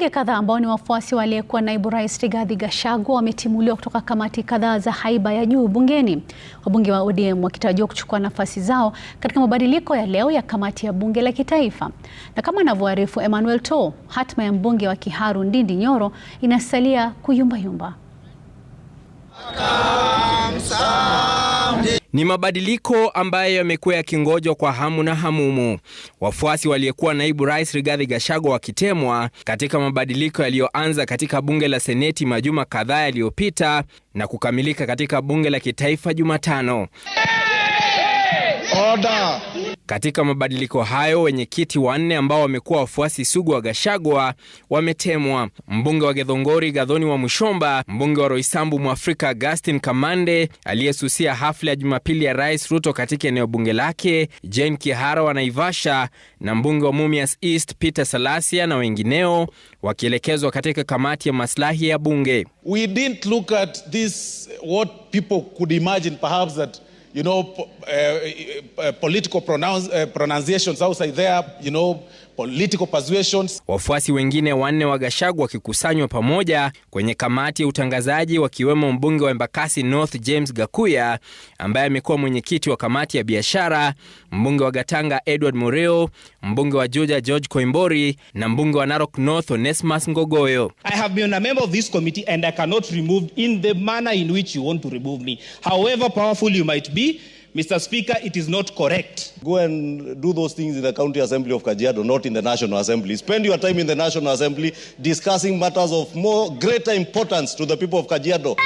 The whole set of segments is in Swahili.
Wabunge kadhaa ambao ni wafuasi wa aliyekuwa naibu rais Rigathi Gachagua wametimuliwa kutoka kamati kadhaa za haiba ya juu bungeni, wabunge wa ODM wakitarajiwa kuchukua nafasi zao katika mabadiliko ya leo ya kamati ya bunge la kitaifa. Na kama anavyoarifu Emmanuel To, hatma ya mbunge wa Kiharu Ndindi Nyoro inasalia kuyumbayumba. Ni mabadiliko ambayo yamekuwa yakingojwa kwa hamu na hamumu, wafuasi waliyekuwa naibu rais Rigathi Gachagua wakitemwa katika mabadiliko yaliyoanza katika bunge la seneti majuma kadhaa yaliyopita na kukamilika katika bunge la kitaifa Jumatano. Order. Katika mabadiliko hayo, wenyekiti wanne ambao wamekuwa wafuasi sugu wa gashagwa wametemwa: mbunge wa gedhongori gadhoni wa Mushomba, mbunge wa Roysambu Mwafrika Augustin Kamande aliyesusia hafla ya Jumapili ya Rais Ruto katika eneo bunge lake, Jane Kihara wa Naivasha na mbunge wa Mumias East Peter Salasia na wengineo wakielekezwa katika kamati ya maslahi ya bunge. We didn't look at this, what people could imagine perhaps that you know, uh, political pronounce, uh, pronunciations outside there, you know, political persuasions. Wafuasi wengine wanne wa Gachagua wakikusanywa pamoja kwenye kamati ya utangazaji wakiwemo mbunge wa Embakasi North James Gakuya ambaye amekuwa mwenyekiti wa kamati ya biashara, mbunge wa Gatanga Edward Moreo, mbunge wa Juja George Koimbori na mbunge wa Narok North Onesmus Ngogoyo. I have been a member of this committee and I cannot remove in the manner in which you want to remove me. However powerful you might be be. Mr. Speaker, it is not correct. Go and do those things in the County Assembly of Kajiado, not in the National Assembly. Spend your time in the National Assembly discussing matters of more greater importance to the people of Kajiado.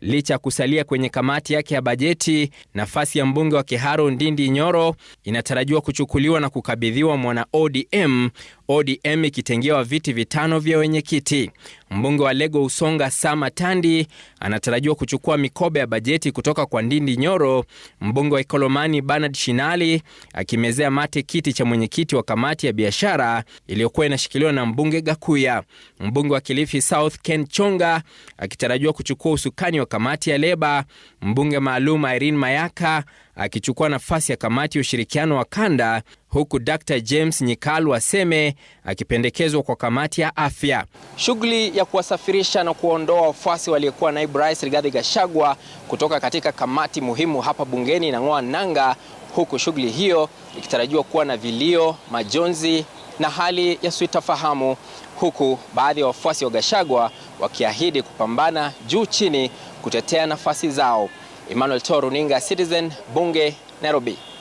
Licha ya kusalia kwenye kamati yake ya bajeti, nafasi ya mbunge wa Kiharu Ndindi Nyoro inatarajiwa kuchukuliwa na kukabidhiwa mwana ODM ODM ikitengewa viti vitano vya wenyekiti. Mbunge wa Lego Usonga Sama Tandi anatarajiwa kuchukua mikoba ya bajeti kutoka kwa Ndindi Nyoro, mbunge wa Ikolomani Bernard Shinali akimezea mate kiti cha mwenyekiti wa kamati ya biashara iliyokuwa inashikiliwa na mbunge Gakuya. Mbunge wa Kilifi South Ken Chonga akitarajiwa kuchukua usukani wa kamati ya leba, mbunge maalum Irene Mayaka akichukua nafasi ya kamati ya ushirikiano wa kanda huku Dr. James Nyikalu Aseme akipendekezwa kwa kamati ya afya. Shughuli ya kuwasafirisha na kuwaondoa wafuasi waliokuwa naibu rais Rigathi Gachagua kutoka katika kamati muhimu hapa bungeni inang'oa nanga, huku shughuli hiyo ikitarajiwa kuwa na vilio, majonzi na hali ya sitofahamu, huku baadhi ya wafuasi wa Gachagua wakiahidi kupambana juu chini kutetea nafasi zao. Emmanuel to runinga Citizen, bunge, Nairobi.